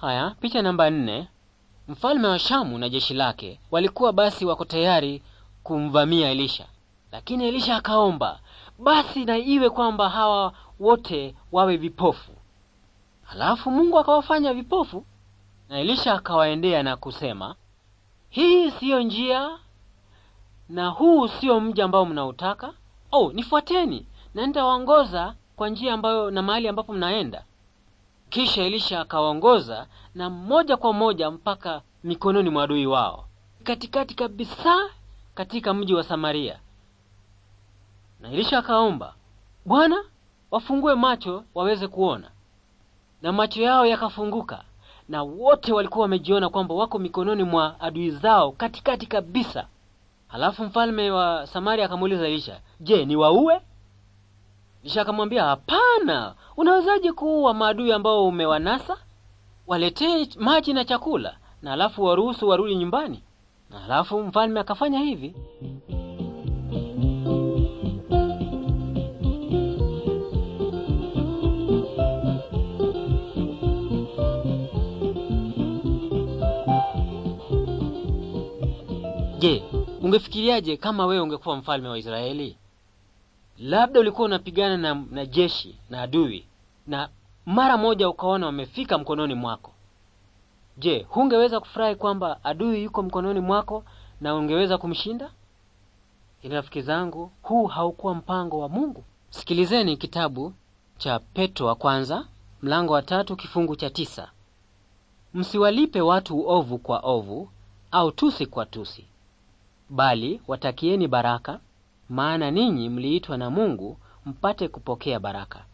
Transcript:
Haya, picha namba nne. Mfalme wa Shamu na jeshi lake walikuwa basi wako tayari kumvamia Elisha, lakini Elisha akaomba basi na iwe kwamba hawa wote wawe vipofu. Halafu Mungu akawafanya vipofu, na Elisha akawaendea na kusema, hii siyo njia na huu sio mji ambao mnautaka. Oh, nifuateni na nitawaongoza kwa njia ambayo na mahali ambapo mnaenda. Kisha Elisha akawaongoza na moja kwa moja mpaka mikononi mwa adui wao, katikati kabisa katika mji wa Samaria. Na Elisha akaomba, Bwana, wafungue macho waweze kuona. Na macho yao yakafunguka, na wote walikuwa wamejiona kwamba wako mikononi mwa adui zao katikati kabisa. Halafu mfalme wa Samaria akamuuliza Elisha, je, niwaue? Kisha akamwambia hapana, unawezaje kuua maadui ambao umewanasa? Waletee maji na chakula, na alafu waruhusu warudi nyumbani. Na alafu mfalme akafanya hivi. Je, ungefikiriaje kama wewe ungekuwa mfalme wa Israeli? labda ulikuwa unapigana na, na jeshi na adui na mara moja ukaona wamefika mkononi mwako. Je, hungeweza kufurahi kwamba adui yuko mkononi mwako na ungeweza kumshinda? Ili rafiki zangu, huu haukuwa mpango wa Mungu. Sikilizeni kitabu cha Petro wa kwanza mlango wa tatu kifungu cha tisa msiwalipe watu ovu kwa ovu au tusi kwa tusi, bali watakieni baraka maana ninyi mliitwa na Mungu mpate kupokea baraka.